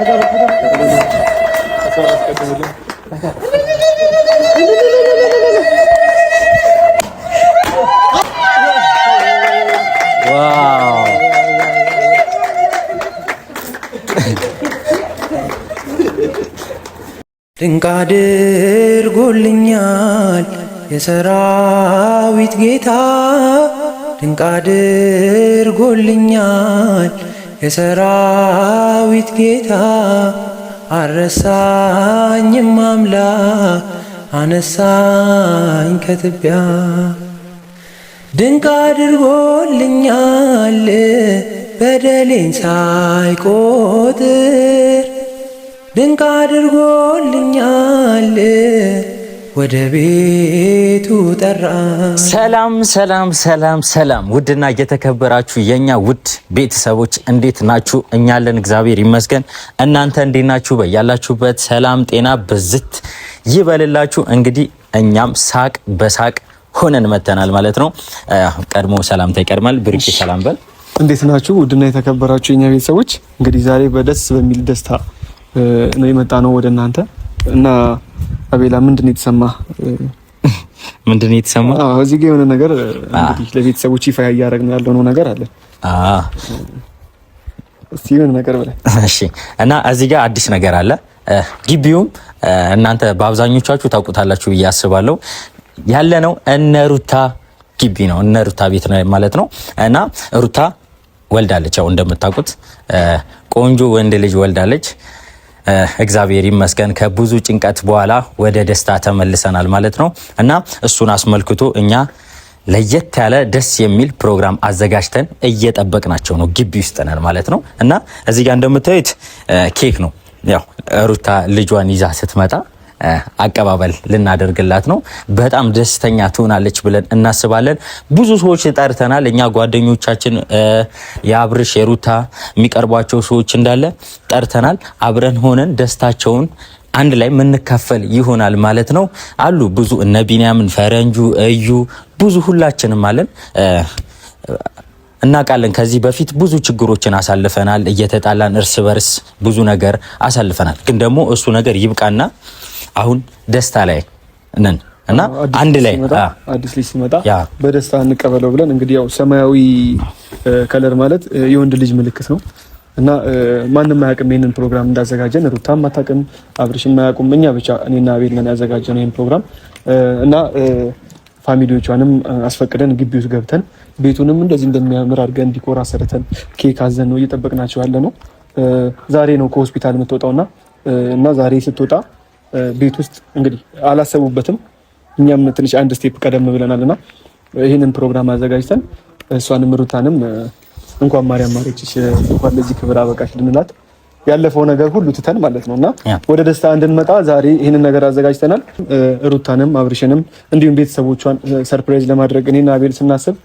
ድንቅ አድርጎልኛል የሰራዊት ጌታ ድንቅ አድርጎልኛል የሰራዊት ጌታ አረሳኝም አምላክ አነሳኝ ከትቢያ ድንቅ አድርጎልኛል በደሌን ሳይቆጥር ድንቅ አድርጎልኛል ወደ ቤቱ ጠራ። ሰላም ሰላም ሰላም ሰላም! ውድና የተከበራችሁ የኛ ውድ ቤተሰቦች እንዴት ናችሁ? እኛለን እግዚአብሔር ይመስገን። እናንተ እንዴት ናችሁ? በያላችሁበት ሰላም ጤና ብዝት ይበልላችሁ። እንግዲህ እኛም ሳቅ በሳቅ ሆነን መተናል ማለት ነው። ቀድሞ ሰላምታ ይቀድማል። ብርቄ ሰላም በል። እንዴት ናችሁ? ውድና የተከበራችሁ የኛ ቤተሰቦች እንግዲህ ዛሬ በደስ በሚል ደስታ ነው የመጣ ነው ወደ እናንተ እና አቤላ ምንድን ነው የተሰማ? ምንድን ነው የተሰማ? አዎ እዚህ ጋር የሆነ ነገር እንግዲህ ለቤተሰቦች ይፋ እያደረግን ያለው ነው ነገር አለ። አዎ እስቲ የሆነ ነገር ብለህ እሺ። እና እዚህ ጋር አዲስ ነገር አለ። ግቢውም እናንተ በአብዛኞቻችሁ ታውቁታላችሁ ብዬ አስባለሁ። ያለ ነው እነ ሩታ ግቢ ነው እነ ሩታ ቤት ነው ማለት ነው። እና ሩታ ወልዳለች፣ ያው እንደምታውቁት ቆንጆ ወንድ ልጅ ወልዳለች። እግዚአብሔር ይመስገን ከብዙ ጭንቀት በኋላ ወደ ደስታ ተመልሰናል ማለት ነው እና እሱን አስመልክቶ እኛ ለየት ያለ ደስ የሚል ፕሮግራም አዘጋጅተን እየጠበቅናቸው ነው። ግቢ ውስጥ ነን ማለት ነው እና እዚህ ጋር እንደምታዩት ኬክ ነው ያው ሩታ ልጇን ይዛ ስትመጣ አቀባበል ልናደርግላት ነው። በጣም ደስተኛ ትሆናለች ብለን እናስባለን። ብዙ ሰዎች ጠርተናል። እኛ ጓደኞቻችን የአብርሽ የሩታ የሚቀርቧቸው ሰዎች እንዳለ ጠርተናል። አብረን ሆነን ደስታቸውን አንድ ላይ ምንካፈል ይሆናል ማለት ነው። አሉ ብዙ እነ ቢንያምን ፈረንጁ፣ እዩ ብዙ ሁላችንም አለን እናውቃለን። ከዚህ በፊት ብዙ ችግሮችን አሳልፈናል። እየተጣላን እርስ በርስ ብዙ ነገር አሳልፈናል። ግን ደግሞ እሱ ነገር ይብቃና አሁን ደስታ ላይ ነን እና አንድ ላይ አዲስ ልጅ ሲመጣ በደስታ እንቀበለው ብለን እንግዲህ ያው ሰማያዊ ከለር ማለት የወንድ ልጅ ምልክት ነው እና ማንም አያውቅም ይህንን ፕሮግራም እንዳዘጋጀን። ሩታም አታውቅም፣ አብርሽም አያውቁም። እኛ ብቻ እኔና አቤል ነን ያዘጋጀነው ይህን ፕሮግራም እና ፋሚሊዎቿንም አስፈቅደን ግቢ ውስጥ ገብተን ቤቱንም እንደዚህ እንደሚያምር አድርገን ዲኮር አሰርተን ኬክ አዘን ነው እየጠበቅናቸው ያለ ነው። ዛሬ ነው ከሆስፒታል የምትወጣውና እና ዛሬ ስትወጣ ቤት ውስጥ እንግዲህ አላሰቡበትም። እኛም ትንሽ አንድ ስቴፕ ቀደም ብለናል እና ይህንን ፕሮግራም አዘጋጅተን እሷንም ሩታንም እንኳን ማርያም ማረችሽ እንኳን ለዚህ ክብር አበቃሽ ልንላት ያለፈው ነገር ሁሉ ትተን ማለት ነው እና ወደ ደስታ እንድንመጣ ዛሬ ይህንን ነገር አዘጋጅተናል። ሩታንም አብርሽንም እንዲሁም ቤተሰቦቿን ሰርፕራይዝ ለማድረግ እኔና አቤል ስናስብ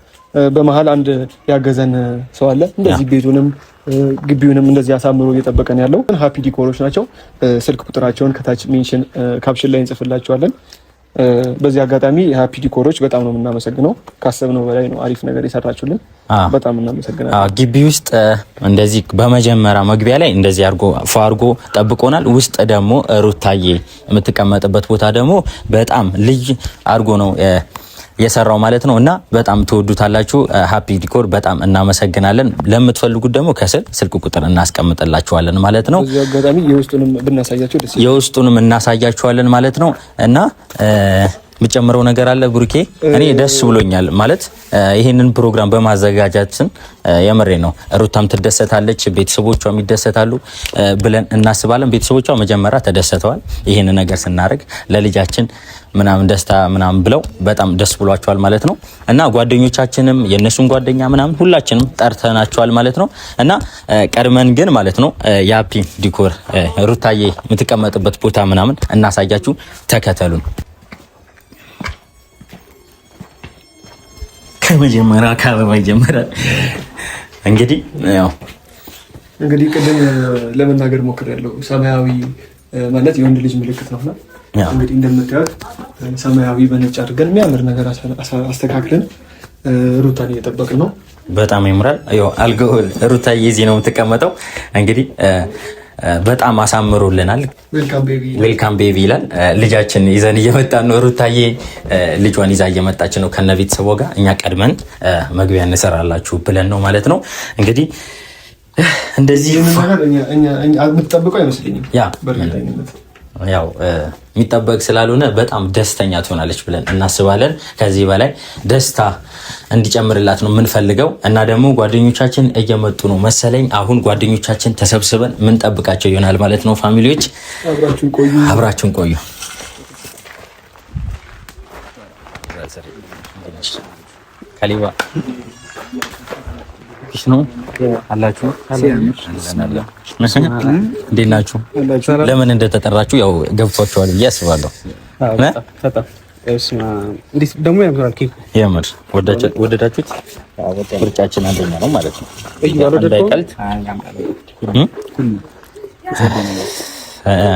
በመሀል አንድ ያገዘን ሰው አለ። እንደዚህ ቤቱንም ግቢውንም እንደዚህ አሳምሮ እየጠበቀን ያለው ሀፒ ዲኮሮች ናቸው። ስልክ ቁጥራቸውን ከታች ሜንሽን ካፕሽን ላይ እንጽፍላቸዋለን። በዚህ አጋጣሚ ሀፒ ዲኮሮች በጣም ነው የምናመሰግነው። ካሰብነው በላይ ነው አሪፍ ነገር የሰራችሁልን፣ በጣም እናመሰግናለን። ግቢ ውስጥ እንደዚህ በመጀመሪያ መግቢያ ላይ እንደዚህ አርጎ ፏርጎ ጠብቆናል። ውስጥ ደግሞ ሩታዬ የምትቀመጥበት ቦታ ደግሞ በጣም ልዩ አርጎ ነው የሰራው ማለት ነው እና በጣም ትወዱታላችሁ። ሀፒ ዲኮር በጣም እናመሰግናለን። ለምትፈልጉት ደግሞ ከስል ስልክ ቁጥር እናስቀምጥላችኋለን ማለት ነው። የውስጡንም እናሳያችኋለን ማለት ነው እና የምጨምረው ነገር አለ ብሩኬ። እኔ ደስ ብሎኛል ማለት ይሄንን ፕሮግራም በማዘጋጃችን የምሬ ነው። ሩታም ትደሰታለች፣ ቤተሰቦቿም ይደሰታሉ ብለን እናስባለን። ቤተሰቦቿ መጀመሪያ ተደሰተዋል፣ ይሄን ነገር ስናደርግ ለልጃችን ምናምን ደስታ ምናምን ብለው በጣም ደስ ብሏቸዋል ማለት ነው። እና ጓደኞቻችንም የእነሱን ጓደኛ ምናምን ሁላችንም ጠርተናቸዋል ማለት ነው። እና ቀድመን ግን ማለት ነው የሀፒ ዲኮር ሩታዬ የምትቀመጥበት ቦታ ምናምን እናሳያችሁ፣ ተከተሉን። ከመጀመሪያ ከአበባ ይጀምራል። እንግዲህ ያው እንግዲህ ቅድም ለመናገር ያለው ሰማያዊ ማለት የወንድ ልጅ ምልክት ነውና እንግዲህ እንደምታዩት ሰማያዊ በነጭ አድርገን የሚያምር ነገር አስተካክለን ሩታን እየጠበቅን ነው። በጣም ይምራል። ያው አልጋው ሩታ የዚህ ነው የምትቀመጠው እንግዲህ በጣም አሳምሮልናል። ዌልካም ቤቢ ይላል። ልጃችን ይዘን እየመጣ ነው። ሩታዬ ልጇን ይዛ እየመጣች ነው ከነ ቤተሰቧ ጋር። እኛ ቀድመን መግቢያ እንሰራላችሁ ብለን ነው ማለት ነው። እንግዲህ እንደዚህ የምትጠብቀው አይመስለኝም። ያው የሚጠበቅ ስላልሆነ በጣም ደስተኛ ትሆናለች ብለን እናስባለን። ከዚህ በላይ ደስታ እንዲጨምርላት ነው የምንፈልገው እና ደግሞ ጓደኞቻችን እየመጡ ነው መሰለኝ። አሁን ጓደኞቻችን ተሰብስበን ምንጠብቃቸው ይሆናል ማለት ነው። ፋሚሊዎች አብራችሁን ቆዩ። ከሊባ እንዴት ነው አላችሁ? እንዴት ናችሁ? ለምን እንደተጠራችሁ ያው ገብቷችኋል ብዬ አስባለሁ። ደግሞ የምር ወደዳችሁት። ምርጫችን አንደኛ ነው ማለት ነው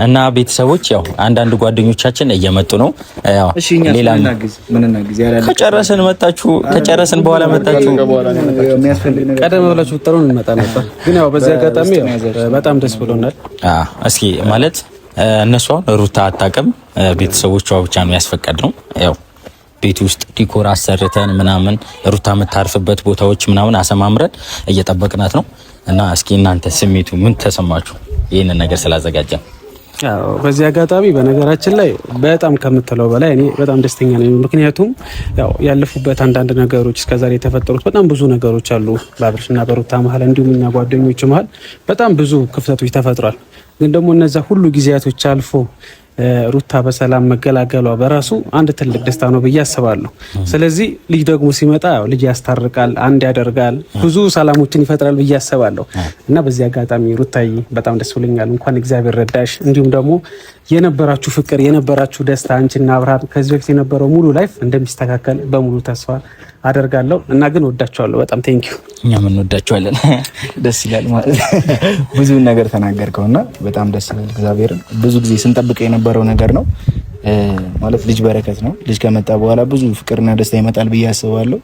እና ቤተሰቦች ያው አንዳንድ ጓደኞቻችን እየመጡ ነው። ሌላ ከጨረስን መጣችሁ፣ ከጨረስን በኋላ መጣችሁ። ቀደም ብላችሁ ብትጠሩ እንመጣ ነበር፣ ግን ያው በዚህ አጋጣሚ በጣም ደስ ብሎናል። እስኪ ማለት እነሱ አሁን ሩታ አታውቅም፣ ቤተሰቦቿ ብቻ ነው ያስፈቀድ ነው ያው ቤት ውስጥ ዲኮር አሰርተን ምናምን ሩታ የምታርፍበት ቦታዎች ምናምን አሰማምረን እየጠበቅናት ነው። እና እስኪ እናንተ ስሜቱ ምን ተሰማችሁ? ይህንን ነገር ስላዘጋጀን በዚህ አጋጣሚ በነገራችን ላይ በጣም ከምትለው በላይ እኔ በጣም ደስተኛ ነኝ። ምክንያቱም ያው ያለፉበት አንዳንድ ነገሮች እስከዛሬ የተፈጠሩት በጣም ብዙ ነገሮች አሉ በአብርሽና በሩታ መሀል እንዲሁም እኛ ጓደኞች መሀል በጣም ብዙ ክፍተቶች ተፈጥሯል። ግን ደግሞ እነዛ ሁሉ ጊዜያቶች አልፎ ሩታ በሰላም መገላገሏ በራሱ አንድ ትልቅ ደስታ ነው ብዬ አስባለሁ። ስለዚህ ልጅ ደግሞ ሲመጣ ልጅ ያስታርቃል፣ አንድ ያደርጋል፣ ብዙ ሰላሞችን ይፈጥራል ብዬ አስባለሁ እና በዚህ አጋጣሚ ሩታዬ በጣም ደስ ብሎኛል። እንኳን እግዚአብሔር ረዳሽ። እንዲሁም ደግሞ የነበራችሁ ፍቅር የነበራችሁ ደስታ አንቺና አብርሃም ከዚህ በፊት የነበረው ሙሉ ላይፍ እንደሚስተካከል በሙሉ ተስፋ አደርጋለሁ እና ግን ወዳቸዋለሁ በጣም ቴንኪዩ። እኛም እንወዳቸዋለን። ደስ ይላል ማለት ብዙ ነገር ተናገርከውና በጣም ደስ ይላል። እግዚአብሔርን ብዙ ጊዜ ስንጠብቀው የነበረው ነገር ነው ማለት ልጅ በረከት ነው። ልጅ ከመጣ በኋላ ብዙ ፍቅርና ደስታ ይመጣል ብዬ አስባለሁ።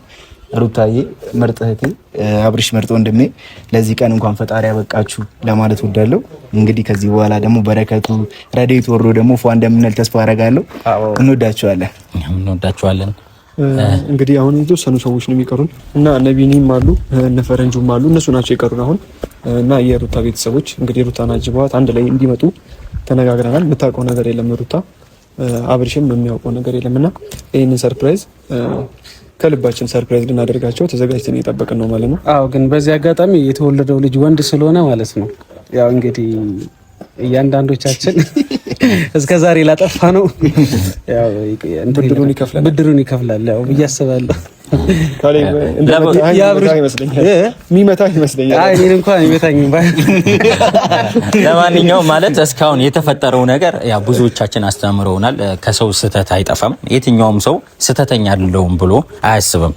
ሩታዬ ምርጥ እህቴ፣ አብርሽ ምርጥ ወንድሜ፣ ለዚህ ቀን እንኳን ፈጣሪ ያበቃችሁ ለማለት ወዳለሁ። እንግዲህ ከዚህ በኋላ ደግሞ በረከቱ ረዴት ወርዶ ደግሞ ፏ እንደምንል ተስፋ አደርጋለሁ። እንወዳቸዋለን፣ እንወዳቸዋለን። እንግዲህ አሁን የተወሰኑ ሰዎች ነው የሚቀሩን እና እነ ቢኒም አሉ እነ ፈረንጁም አሉ እነሱ ናቸው የቀሩን አሁን እና የሩታ ቤተሰቦች እንግዲህ ሩታ አጅበዋት አንድ ላይ እንዲመጡ ተነጋግረናል። የምታውቀው ነገር የለም ሩታ፣ አብርሽም የሚያውቀው ነገር የለም እና ይህንን ሰርፕራይዝ ከልባችን ሰርፕራይዝ ልናደርጋቸው ተዘጋጅተን እየጠበቅን ነው ማለት ነው። አዎ ግን በዚህ አጋጣሚ የተወለደው ልጅ ወንድ ስለሆነ ማለት ነው ያው እንግዲህ እያንዳንዶቻችን እስከ ዛሬ ላጠፋ ነው ብድሩን ይከፍላል ያው ብዬ ለማንኛውም ማለት እስካሁን የተፈጠረው ነገር ያው ብዙዎቻችን አስተምረውናል። ከሰው ስህተት አይጠፋም። የትኛውም ሰው ስህተተኛ አይደለሁም ብሎ አያስብም።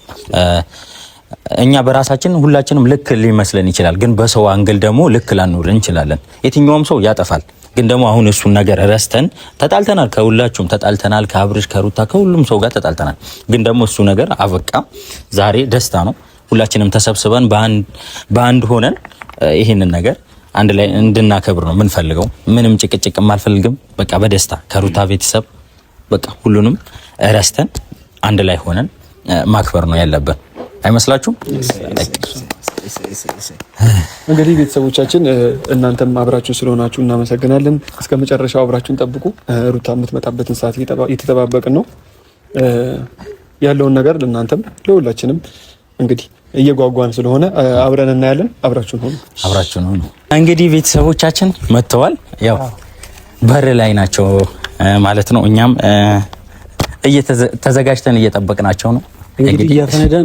እኛ በራሳችን ሁላችንም ልክ ሊመስለን ይችላል፣ ግን በሰው አንግል ደግሞ ልክ ላንኖር እንችላለን። የትኛውም ሰው ያጠፋል። ግን ደግሞ አሁን እሱን ነገር ረስተን ተጣልተናል፣ ከሁላችሁም ተጣልተናል፣ ከአብርሽ ከሩታ ከሁሉም ሰው ጋር ተጣልተናል። ግን ደግሞ እሱ ነገር አበቃ። ዛሬ ደስታ ነው። ሁላችንም ተሰብስበን በአንድ ሆነን ይህንን ነገር አንድ ላይ እንድናከብር ነው የምንፈልገው። ምንም ጭቅጭቅ አልፈልግም። በቃ በደስታ ከሩታ ቤተሰብ በቃ ሁሉንም ረስተን አንድ ላይ ሆነን ማክበር ነው ያለብን። አይመስላችሁም? እንግዲህ ቤተሰቦቻችን እናንተም አብራችሁ ስለሆናችሁ እናመሰግናለን። እስከ መጨረሻው አብራችሁን ጠብቁ። ሩታ የምትመጣበትን ሰዓት እየተጠባበቅን ነው ያለውን ነገር ለእናንተም ለሁላችንም እንግዲህ እየጓጓን ስለሆነ አብረን እናያለን። አብራችሁን ሆኑ፣ አብራችሁን ሆኑ። እንግዲህ ቤተሰቦቻችን መጥተዋል። ያው በር ላይ ናቸው ማለት ነው። እኛም ተዘጋጅተን እየጠበቅናቸው ነው። እንግዲህ እያፈነዳን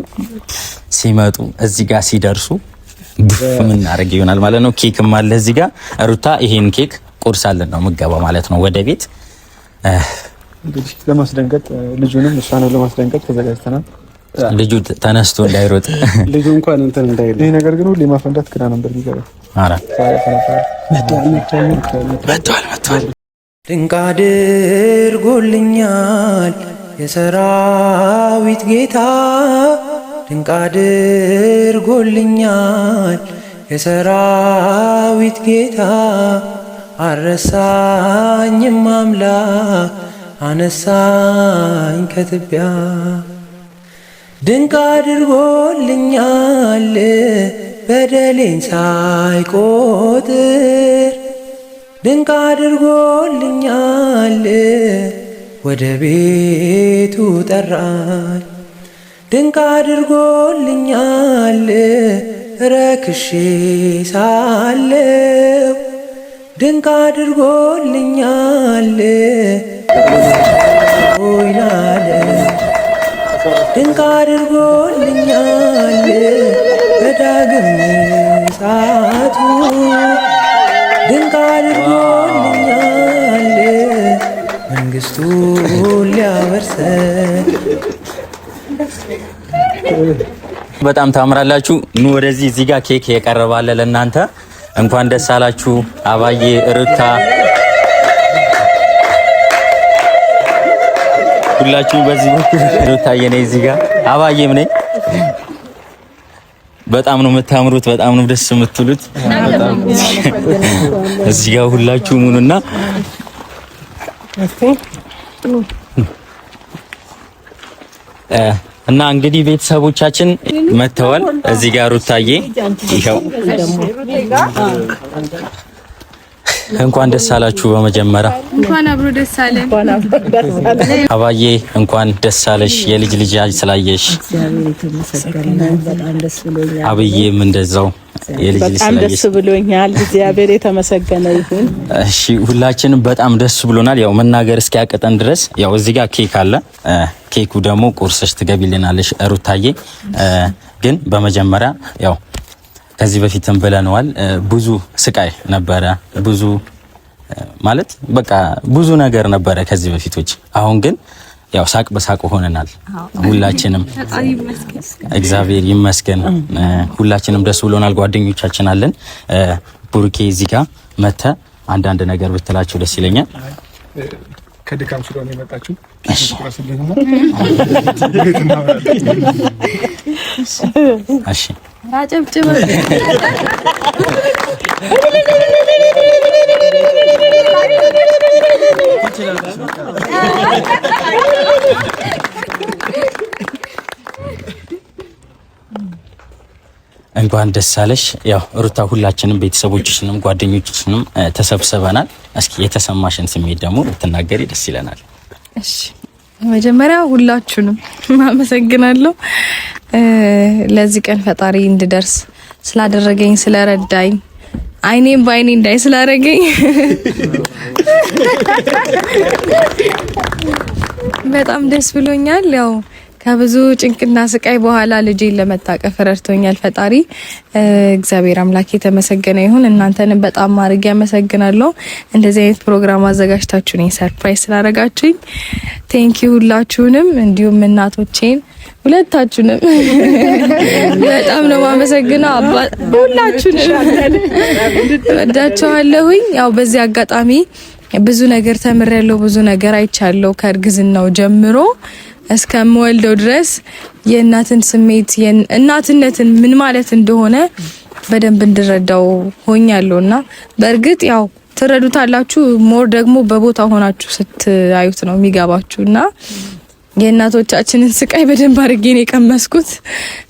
ሲመጡ እዚህ ጋር ሲደርሱ ምናደርግ ይሆናል ማለት ነው። ኬክም አለ እዚህ ጋር ሩታ ይሄን ኬክ ቁርስ አለን ነው ምገባ ማለት ነው ወደ ቤት ለማስደንገጥ ልጁንም እሷንም ለማስደንገጥ ተዘጋጅተናል። ልጁ ተነስቶ እንዳይሮጥ ልጁ እንኳን እንትን እንዳይል ይሄ ነገር ግን ሁሌ ማፈንዳት ግራ ነበር የሚገባው። ኧረ መጥቷል መጥቷል ድንቅ አድርጎልኛል የሰራዊት ጌታ ድንቅ አድርጎልኛል። የሰራዊት ጌታ አረሳኝም አምላክ አነሳኝ ከትቢያ ድንቅ አድርጎልኛል በደሌን ሳይቆጥር ድንቅ አድርጎልኛል ወደ ቤቱ ጠራኝ። ድንቅ አድርጎልኛል ረክሼ ሳለው ድንቅ አድርጎልኛል ይላለ ድንቅ አድርጎልኛል በዳግም ሳቱ መንግስቱ ሊያወርሰን በጣም ታምራላችሁ። ኑ ወደዚህ። እዚህ ጋር ኬክ የቀረባለ ለእናንተ እንኳን ደስ አላችሁ። አባዬ ሩታ፣ ሁላችሁ በዚህ በኩል ሩታ፣ የኔ እዚህ ጋር አባዬም ነኝ። በጣም ነው የምታምሩት። በጣም ነው ደስ የምትሉት። እዚህ ጋር ሁላችሁ ሙኑና እና እንግዲህ ቤተሰቦቻችን መተዋል። እዚህ ጋር ሩታዬ ይኸው እንኳን ደስ አላችሁ። በመጀመሪያ እንኳን አብሮ ደስ አለን። አባዬ እንኳን ደስ አለሽ፣ የልጅ ልጅ ስላየሽ። አብዬም እንደዛው የልጅ ልጅ ስላየሽ በጣም ደስ ብሎኛል። እግዚአብሔር የተመሰገነ ይሁን። እሺ ሁላችንም በጣም ደስ ብሎናል። ያው መናገር እስኪያቅጠን ድረስ ያው እዚህ ጋር ኬክ አለ። ኬኩ ደግሞ ቁርስሽ ትገቢልናለሽ ሩታዬ። ግን በመጀመሪያ ያው ከዚህ በፊትም ብለነዋል። ብዙ ስቃይ ነበረ፣ ብዙ ማለት በቃ ብዙ ነገር ነበረ ከዚህ በፊቶች። አሁን ግን ያው ሳቅ በሳቅ ሆነናል። ሁላችንም እግዚአብሔር ይመስገን፣ ሁላችንም ደስ ብሎናል። ጓደኞቻችን አለን። ቡሩኬ እዚህ ጋር መተ አንዳንድ ነገር ብትላችሁ ደስ ይለኛል። ከድካም ስለሆነ የመጣችሁ እሺ አጨብጭበ እንኳን ደስ አለሽ። ያው ሩታ ሁላችንም ቤተሰቦችሽንም ጓደኞችሽንም ተሰብስበናል። እስኪ የተሰማሽን ስሜት ደግሞ ብትናገሪ ደስ ይለናል። እሺ መጀመሪያ ሁላችሁንም አመሰግናለሁ። ለዚህ ቀን ፈጣሪ እንድደርስ ስላደረገኝ ስለረዳኝ አይኔም በአይኔ እንዳይ ስላደረገኝ በጣም ደስ ብሎኛል። ያው ከብዙ ጭንቅና ስቃይ በኋላ ልጄን ለመታቀፍ ረድቶኛል ፈጣሪ እግዚአብሔር አምላክ የተመሰገነ ይሁን። እናንተንም በጣም ማድረግ ያመሰግናለሁ እንደዚህ አይነት ፕሮግራም አዘጋጅታችሁ እኔን ሰርፕራይዝ ስላደረጋችሁኝ ቴንኪ ሁላችሁንም፣ እንዲሁም እናቶቼን ሁለታችሁንም በጣም ነው የማመሰግነው። አባ ሁላችሁንም ወዳችኋለሁኝ። ያው በዚህ አጋጣሚ ብዙ ነገር ተምሬያለሁ፣ ብዙ ነገር አይቻለሁ። ከእርግዝናው ጀምሮ እስከምወልደው ድረስ የእናትን ስሜት እናትነትን ምን ማለት እንደሆነ በደንብ እንድረዳው ሆኛለሁና በእርግጥ ያው ትረዱታላችሁ። ሞር ደግሞ በቦታ ሆናችሁ ስትአዩት ነው የሚገባችሁና የእናቶቻችንን ስቃይ በደንብ አድርጌ ነው የቀመስኩት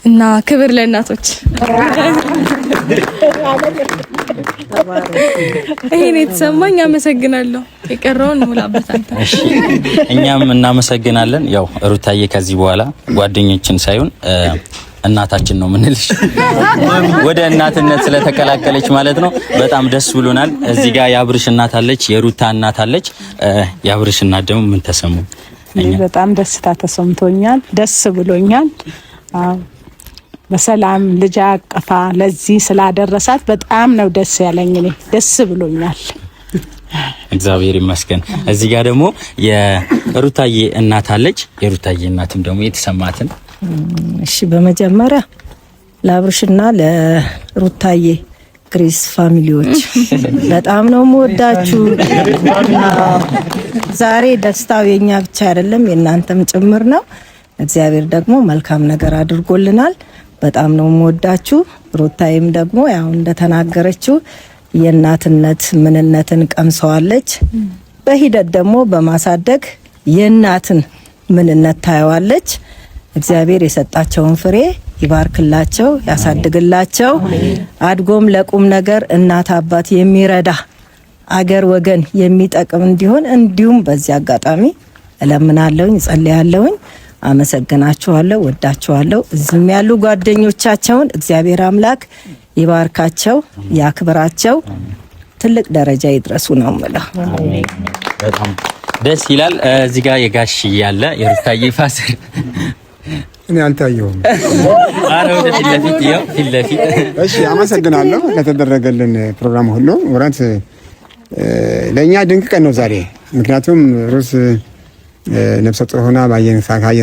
እና ክብር ለእናቶች። ይሄን የተሰማኝ አመሰግናለሁ። የቀረውን ሙላበታል። እኛም እናመሰግናለን። ያው ሩታዬ ከዚህ በኋላ ጓደኞችን ሳይሆን እናታችን ነው ምንልሽ። ወደ እናትነት ስለተቀላቀለች ማለት ነው። በጣም ደስ ብሎናል። እዚህ ጋር የአብርሽ እናት አለች፣ የሩታ እናት አለች። የአብርሽ እናት ደግሞ ምን ተሰሙ? በጣም ደስታ ተሰምቶኛል። ደስ ብሎኛል። በሰላም ልጅ አቀፋ ለዚህ ስላደረሳት በጣም ነው ደስ ያለኝ። እኔ ደስ ብሎኛል። እግዚአብሔር ይመስገን። እዚህ ጋር ደግሞ የሩታዬ እናት አለች። የሩታዬ እናትም ደግሞ የተሰማትን እሺ፣ በመጀመሪያ ለአብርሽና ለሩታዬ ግሬስ ፋሚሊዎች በጣም ነው የምወዳችሁ። ዛሬ ደስታው የኛ ብቻ አይደለም የእናንተም ጭምር ነው። እግዚአብሔር ደግሞ መልካም ነገር አድርጎልናል። በጣም ነው የምወዳችሁ። ሩታይም ደግሞ ያው እንደተናገረችው የእናትነት ምንነትን ቀምሰዋለች። በሂደት ደግሞ በማሳደግ የእናትን ምንነት ታየዋለች። እግዚአብሔር የሰጣቸውን ፍሬ ይባርክላቸው፣ ያሳድግላቸው። አድጎም ለቁም ነገር እናት አባት የሚረዳ አገር ወገን የሚጠቅም እንዲሆን እንዲሁም በዚህ አጋጣሚ እለምናለሁኝ፣ እጸልያለሁኝ። አመሰግናችኋለሁ፣ ወዳችኋለሁ። እዚህም ያሉ ጓደኞቻቸውን እግዚአብሔር አምላክ ይባርካቸው፣ ያክብራቸው፣ ትልቅ ደረጃ ይድረሱ ነው የምለው። በጣም ደስ ይላል። እዚህ ጋር የጋሽ ያለ የሩታዬ ፋሲል እኔ አልታየሁም። አረ ወደ እሺ። አመሰግናለሁ ለተደረገልን ፕሮግራም ሁሉ። ወራት ለእኛ ድንቅ ቀን ነው ዛሬ፣ ምክንያቱም ሩስ ነፍሰ ጡር ሆና ባየን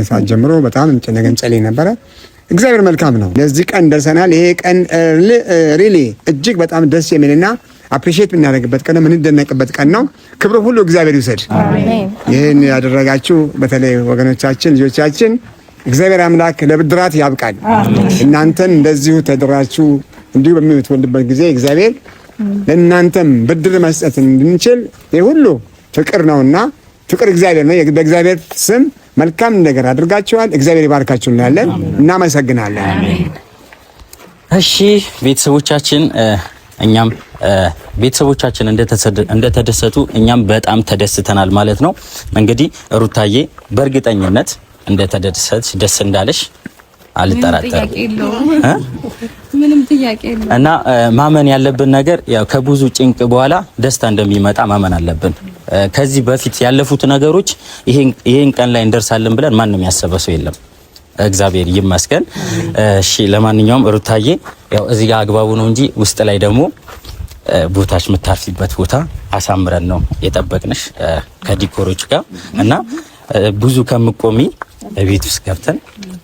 ሰዓት ጀምሮ በጣም ጨነገን ጨሌ ነበረ። እግዚአብሔር መልካም ነው። ለዚህ ቀን ደርሰናል። ይሄ ቀን ሪሊ እጅግ በጣም ደስ የሚልና አፕሪሺየት የምናደርግበት ቀን ነው፣ የምንደነቅበት ቀን ነው። ክብሩ ሁሉ እግዚአብሔር ይውሰድ። ይህን ያደረጋችሁ በተለይ ወገኖቻችን ልጆቻችን እግዚአብሔር አምላክ ለብድራት ያብቃል። እናንተም እንደዚሁ ተድራችሁ እንዲሁ በምትወልድበት ጊዜ እግዚአብሔር ለእናንተም ብድር መስጠት እንድንችል ይህ ሁሉ ፍቅር ነውና ፍቅር እግዚአብሔር ነው። በእግዚአብሔር ስም መልካም ነገር አድርጋችኋል። እግዚአብሔር ይባርካችሁ እንላለን። እናመሰግናለን። እሺ ቤተሰቦቻችን እኛም ቤተሰቦቻችን እንደተደሰቱ እኛም በጣም ተደስተናል ማለት ነው። እንግዲህ ሩታዬ በእርግጠኝነት እንደተደሰት ደስ እንዳለሽ አልጠራጠርም። ምንም ጥያቄ የለውም። እና ማመን ያለብን ነገር ያው ከብዙ ጭንቅ በኋላ ደስታ እንደሚመጣ ማመን አለብን። ከዚህ በፊት ያለፉት ነገሮች ይሄን ቀን ላይ እንደርሳለን ብለን ማንም ያሰበ ሰው የለም። እግዚአብሔር ይመስገን። እሺ፣ ለማንኛውም ሩታዬ ያው እዚህ ጋር አግባቡ ነው እንጂ ውስጥ ላይ ደግሞ ቦታች የምታርፊበት ቦታ አሳምረን ነው የጠበቅንሽ ከዲኮሮች ጋር እና ብዙ ከምቆሚ ቤት ውስጥ ገብተን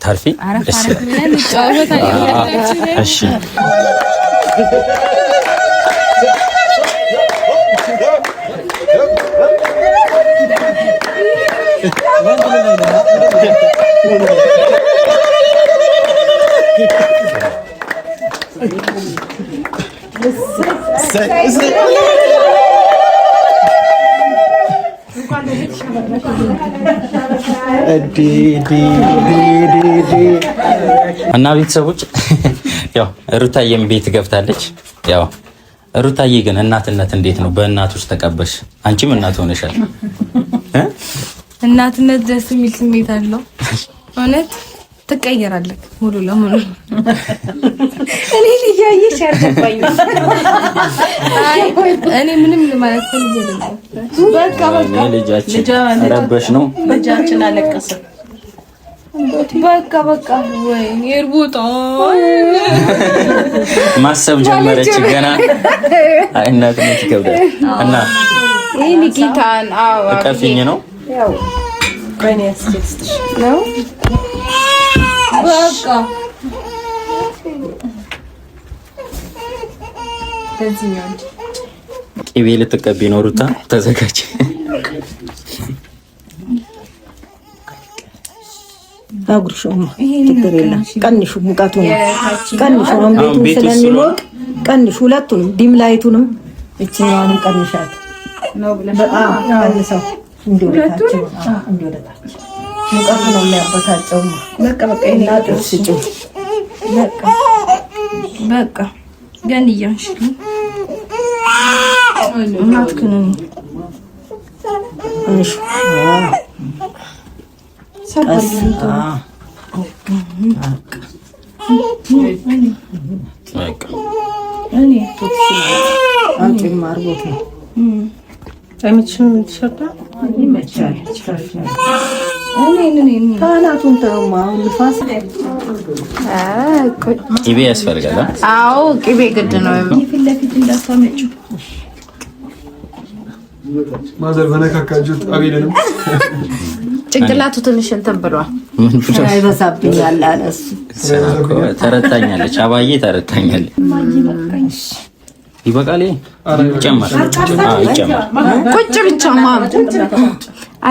ታርፌ ደስ ይላል። እና ቤተሰቦች ያው ሩታዬም ቤት ገብታለች። ያው ሩታዬ ግን እናትነት እንዴት ነው? በእናት ውስጥ ተቀበሽ፣ አንቺም እናት ሆነሻል። እናትነት ደስ የሚል ስሜት አለው እውነት ትቀየራለህ ሙሉ ለሙሉ። እኔ ልያየሽ ያልገባኝ እኔ ምንም ማለት በቃ በቃ ልጃችን ነው ልጃችን አለቀሰ። በቃ በቃ ወይ የርቡጦ ማሰብ ጀመረች። ገና እናትነት ይከብዳል። እና ይሄ ኒኪታን አዎ ቀፊኝ ነው ነው ቅቤ ልትቀቢ ነው ሩታ፣ ተዘጋጅ። ቀንሹ፣ ሙቀቱ ቀንሹ። አሁን ስለሚሞቅ ቀንሹ፣ ሁለቱንም ዲም ላይቱንም እችኛዋንም ቀንሻት። በጣም ቀንሰው እንዲወደታቸው እንዲወደታቸው ሙቀቱ ነው የሚያበሳጨው። በቃ በቃ በቃ ገን እያንሽልኝ እናትክንን እኔ ቀሚስሽም ትሸርዳ ይመቻል። ቅቤ ያስፈልጋል። አዎ ቅቤ ግድ ነው። ማዘር በነካካችሁት አቤልንም ጭንቅላቱ ትንሽ እንትን ብሏል። ይበዛብኛል አለ እሱ። ተረታኛለች አባዬ ተረታኛለች። ይበቃል። ቁጭ ብቻ ማም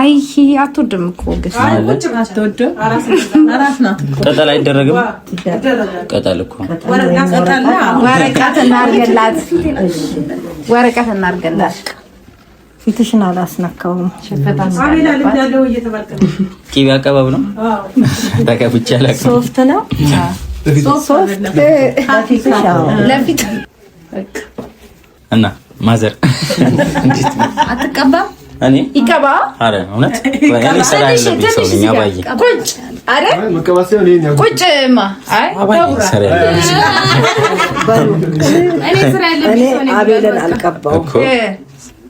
አይ አትወድም እኮ ቅጠል አይደረግም። ቀጠል እኮ ወረቀት እናርገላት፣ ወረቀት እናርገላት። ፊትሽን አላስነካውም። ቂቤ አቀባብ ነው ሶፍት ነው ሶፍት ለፊት እና ማዘር አትቀባም? እኔ ይቀባ። አረ እውነት እኔ ሰው ነኝ። አባዬ ቁጭ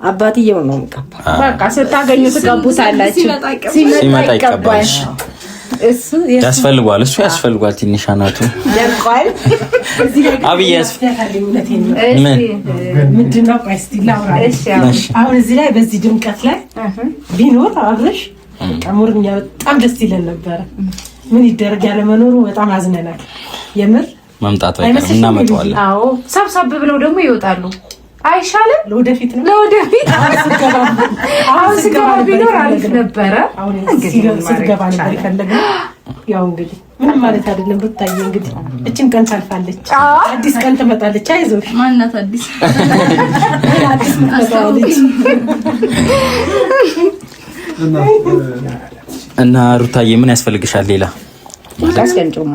አቤልን ነው የምቀባው። በቃ ስታገኙ ትቀቡታላችሁ። ሲመጣ ይቀባል። ያስፈልጓል እሱ ያስፈልጓል። ትንሽ አናቱ ደቋል። አብዬ አሁን እዚህ ላይ በዚህ ድምቀት ላይ ቢኖር አብረሽ ቀሙር እኛ በጣም ደስ ይለን ነበረ። ምን ይደረግ ያለመኖሩ በጣም አዝነናል። የምር መምጣት አይመስልም። እናመጣዋለን። አዎ ሰብሰብ ብለው ደግሞ ይወጣሉ። አይሻልም? ለወደፊት ነው ለወደፊት አሁን ስገባ ቢኖር አሪፍ ነበረ። ስገባ ነበር የፈለግነው። ያው እንግዲህ ምንም ማለት አይደለም። ብታየ እንግዲህ እችን ቀን ታልፋለች፣ አዲስ ቀን ትመጣለች። አይዞሽ ማናት አዲስ አዲስ ምትመጣለች እና ሩታዬ ምን ያስፈልግሻል ሌላ ማለት ነው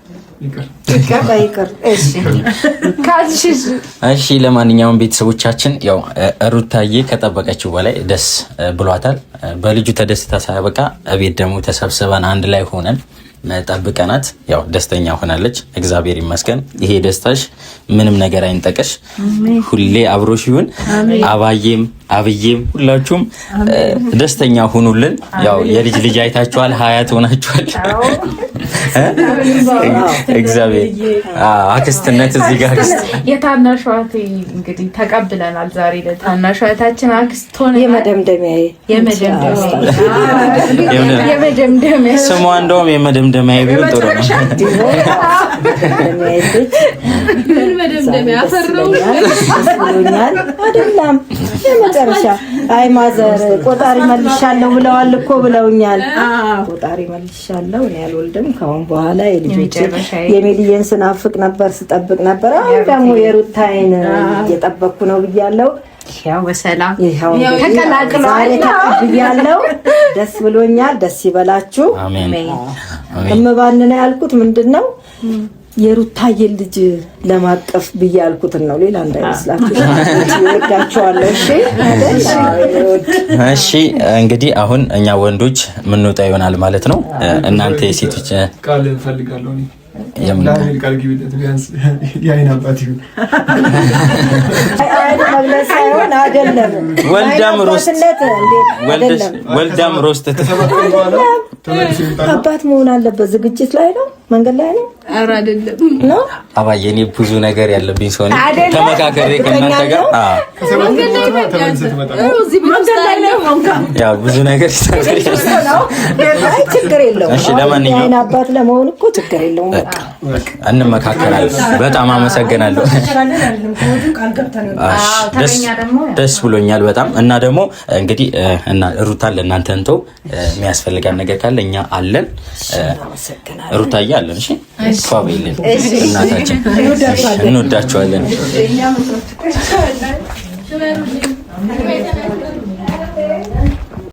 እሺ ለማንኛውም ቤተሰቦቻችን ያው እሩታዬ ከጠበቀችው በላይ ደስ ብሏታል። በልጁ ተደስታ ሳያበቃ እቤት ደግሞ ተሰብስበን አንድ ላይ ሆነን ጠብቀናት ያው ደስተኛ ሆናለች። እግዚአብሔር ይመስገን። ይሄ ደስታሽ ምንም ነገር አይንጠቀሽ፣ ሁሌ አብሮሽ ይሁን። አባዬም አብዬም ሁላችሁም ደስተኛ ሁኑልን። ያው የልጅ ልጅ አይታችኋል፣ ሀያት ሆናችኋል። እግዚአብሔር አክስትነት እዚህ ጋር አክስት የታናሽ እንግዲህ ተቀብለናል። ዛሬ ለታናሽ እህታችን አክስት ሆነ። የመደምደሚያ የመደምደሚያ ስሟ እንደውም የመደምደሚያ ቢሆን ጥሩ ነው። መደምደሚያ አይደለም የመጨረሻ አይ ማዘር ቆጣሪ መልሻለሁ ብለዋል እኮ ብለውኛል። ቆጣሪ መልሻለሁ እኔ አልወልድም ካሁን በኋላ የልጆች የሚልዬን ስናፍቅ ነበር ስጠብቅ ነበር። አሁን ደግሞ የሩታይን እየጠበቅኩ ነው ብያለሁ። ያው በሰላም ተቀላቅለዋል ብያለሁ። ደስ ብሎኛል። ደስ ይበላችሁ። እምባን ነው ያልኩት ምንድን ነው የሩታዬን ልጅ ለማቀፍ ብዬ ያልኩትን ነው። ሌላ እንዳይመስላችሁ እሺ፣ እንግዲህ አሁን እኛ ወንዶች ምንወጣ ይሆናል ማለት ነው። እናንተ የሴቶች ቃል እንፈልጋለሁ። ወልዳም ሮስት አባት መሆን አለበት ዝግጅት ላይ ነው መንገድ ላይ ነው። ኧረ አይደለም ነው አባዬ፣ እኔ ብዙ ነገር ያለብኝ ሰው ነኝ። ተመካከሬ ከእናንተ ጋር ያው ብዙ ነገር ችግር የለውም። ለማንኛውም አባት ለመሆን እኮ ችግር የለውም። በቃ እንመካከራለን። በጣም አመሰግናለሁ። ደስ ብሎኛል በጣም እና ደግሞ እንግዲህ እና ሩታን ለእናንተ እንተው፣ የሚያስፈልጋን ነገር ካለ እኛ አለን ሩታያ እንመጣለን። እሺ እናታችን እንወዳቸዋለን።